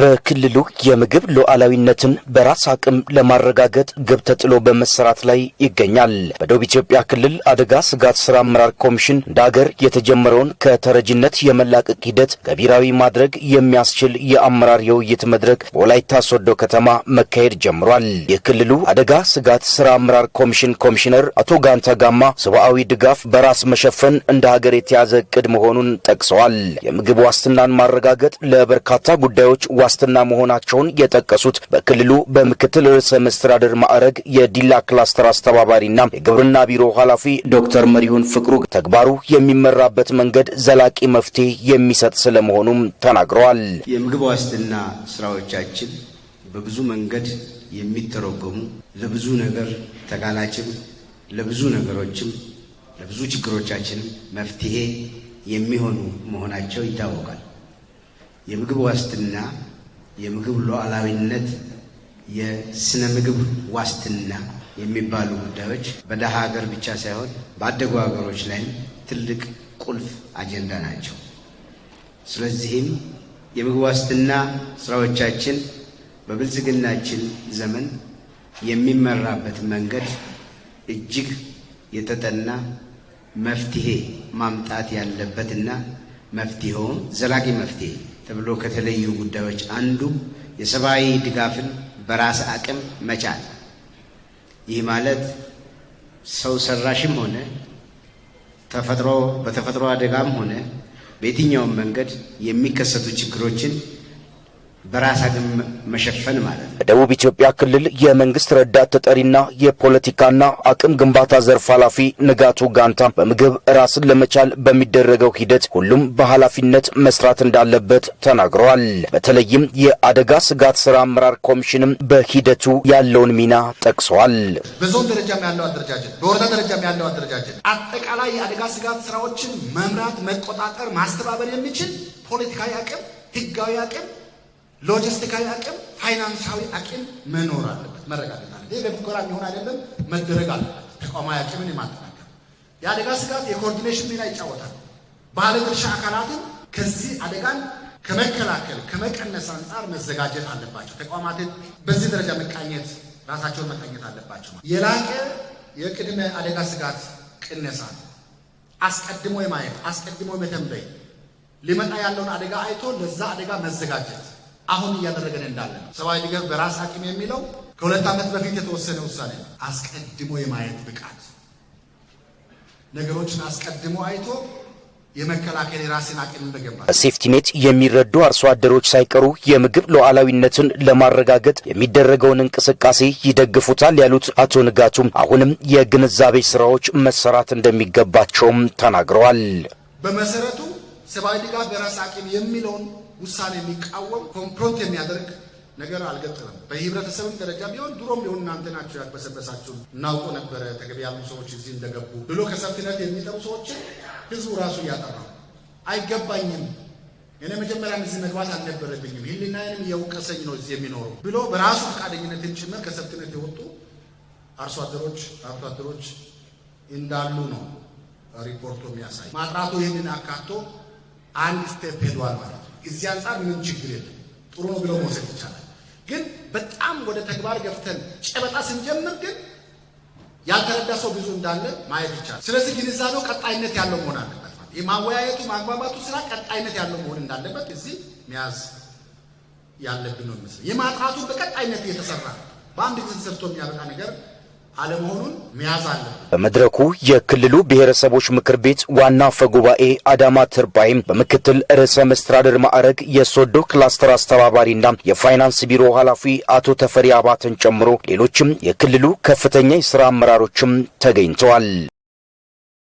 በክልሉ የምግብ ሉዓላዊነትን በራስ አቅም ለማረጋገጥ ግብ ተጥሎ በመሰራት ላይ ይገኛል። በደቡብ ኢትዮጵያ ክልል አደጋ ስጋት ስራ አመራር ኮሚሽን እንደ ሀገር የተጀመረውን ከተረጅነት የመላቀቅ ሂደት ገቢራዊ ማድረግ የሚያስችል የአመራር የውይይት መድረክ በወላይታ ሶዶ ከተማ መካሄድ ጀምሯል። የክልሉ አደጋ ስጋት ስራ አመራር ኮሚሽን ኮሚሽነር አቶ ጋንታ ጋማ ሰብአዊ ድጋፍ በራስ መሸፈን እንደ ሀገር የተያዘ እቅድ መሆኑን ጠቅሰዋል። የምግብ ዋስትናን ማረጋገጥ ለበርካታ ጉዳዮች ዋ። ዋስትና መሆናቸውን የጠቀሱት በክልሉ በምክትል ርዕሰ መስተዳደር ማዕረግ የዲላ ክላስተር አስተባባሪና የግብርና ቢሮ ኃላፊ ዶክተር መሪሁን ፍቅሩ ተግባሩ የሚመራበት መንገድ ዘላቂ መፍትሄ የሚሰጥ ስለመሆኑም ተናግረዋል። የምግብ ዋስትና ስራዎቻችን በብዙ መንገድ የሚተረጎሙ ለብዙ ነገር ተጋላጭም ለብዙ ነገሮችም ለብዙ ችግሮቻችንም መፍትሄ የሚሆኑ መሆናቸው ይታወቃል። የምግብ ዋስትና የምግብ ሉዓላዊነት፣ የስነ ምግብ ዋስትና የሚባሉ ጉዳዮች በደሃ ሀገር ብቻ ሳይሆን በአደጉ ሀገሮች ላይም ትልቅ ቁልፍ አጀንዳ ናቸው። ስለዚህም የምግብ ዋስትና ስራዎቻችን በብልጽግናችን ዘመን የሚመራበት መንገድ እጅግ የተጠና መፍትሄ ማምጣት ያለበትና መፍትሄውም ዘላቂ መፍትሄ ተብሎ ከተለዩ ጉዳዮች አንዱ የሰብአዊ ድጋፍን በራስ አቅም መቻል። ይህ ማለት ሰው ሰራሽም ሆነ ተፈጥሮ በተፈጥሮ አደጋም ሆነ በየትኛውም መንገድ የሚከሰቱ ችግሮችን በራስ አቅም መሸፈን ማለት ነው። በደቡብ ኢትዮጵያ ክልል የመንግስት ረዳት ተጠሪና የፖለቲካና አቅም ግንባታ ዘርፍ ኃላፊ ንጋቱ ጋንታ በምግብ ራስን ለመቻል በሚደረገው ሂደት ሁሉም በኃላፊነት መስራት እንዳለበት ተናግረዋል። በተለይም የአደጋ ስጋት ስራ አመራር ኮሚሽንም በሂደቱ ያለውን ሚና ጠቅሰዋል። በዞን ደረጃም ያለው አደረጃጀት፣ በወረዳ ደረጃም ያለው አደረጃጀት አጠቃላይ የአደጋ ስጋት ስራዎችን መምራት፣ መቆጣጠር፣ ማስተባበር የሚችል ፖለቲካዊ አቅም፣ ህጋዊ አቅም ሎጂስቲካዊ አቅም፣ ፋይናንሳዊ አቅም መኖር አለበት፣ መረጋገጥ አለበት። ይህ ለሙከራ የሚሆን አይደለም፣ መደረግ አለበት። ተቋማዊ አቅምን የማጠናከር የአደጋ ስጋት የኮኦርዲኔሽን ሚና ይጫወታል። ባለድርሻ አካላትን ከዚህ አደጋን ከመከላከል ከመቀነስ አንጻር መዘጋጀት አለባቸው። ተቋማትን በዚህ ደረጃ መቃኘት ራሳቸውን መቃኘት አለባቸው። የላቀ የቅድመ አደጋ ስጋት ቅነሳ አስቀድሞ የማየት አስቀድሞ መተንበይ ሊመጣ ያለውን አደጋ አይቶ ለዛ አደጋ መዘጋጀት አሁን እያደረገን እንዳለ ነው። ሰብአዊ ድጋፍ በራስ አቅም የሚለው ከሁለት ዓመት በፊት የተወሰነ ውሳኔ ነው። አስቀድሞ የማየት ብቃት፣ ነገሮችን አስቀድሞ አይቶ የመከላከል የራስን አቅም እንደገባ ሴፍቲኔት የሚረዱ አርሶ አደሮች ሳይቀሩ የምግብ ሉዓላዊነትን ለማረጋገጥ የሚደረገውን እንቅስቃሴ ይደግፉታል ያሉት አቶ ንጋቱም አሁንም የግንዛቤ ስራዎች መሰራት እንደሚገባቸውም ተናግረዋል። በመሰረቱ ሰብአዊ ድጋፍ በራስ አቅም የሚለውን ውሳኔ የሚቃወም ኮንፍሮንት የሚያደርግ ነገር አልገጠመም። በህብረተሰብም ደረጃ ቢሆን ድሮም ቢሆን እናንተ ናቸው ያበሰበሳችሁ፣ እናውቆ ነበረ ተገቢ ያሉ ሰዎች እዚህ እንደገቡ ብሎ ከሰፊነት የሚጠሩ ሰዎችን ህዝቡ ራሱ እያጠራ አይገባኝም፣ እኔ መጀመሪያም እዚህ መግባት አልነበረብኝም፣ ህሊናዬንም እየወቀሰኝ ነው እዚህ የሚኖረው ብሎ በራሱ ፈቃደኝነትን ጭምር ከሰፊነት የወጡ አርሶ አደሮች አርሶ አደሮች እንዳሉ ነው ሪፖርቱ የሚያሳይ። ማጥራቱ ይህንን አካቶ አንድ ስቴፕ ሄዷል ማለት ነው። እዚህ አንጻር ምን ችግር የለም፣ ጥሩ ነው ብለው መውሰድ ይቻላል። ግን በጣም ወደ ተግባር ገፍተን ጨበጣ ስንጀምር ግን ያልተረዳ ሰው ብዙ እንዳለ ማየት ይቻላል። ስለዚህ ግንዛቤው ቀጣይነት ያለው መሆን አለበት። የማወያየቱ ማግባባቱ ስራ ቀጣይነት ያለው መሆን እንዳለበት እዚህ መያዝ ያለብን ነው ይመስል የማጥራቱ በቀጣይነት እየተሰራ በአንድ ጊዜ ሰርቶ የሚያበቃ ነገር አለመሆኑን መያዝ አለ። በመድረኩ የክልሉ ብሔረሰቦች ምክር ቤት ዋና አፈ ጉባኤ አዳማ ትርባይም በምክትል ርዕሰ መስተዳድር ማዕረግ የሶዶ ክላስተር አስተባባሪና የፋይናንስ ቢሮ ኃላፊ አቶ ተፈሪ አባተን ጨምሮ ሌሎችም የክልሉ ከፍተኛ የስራ አመራሮችም ተገኝተዋል።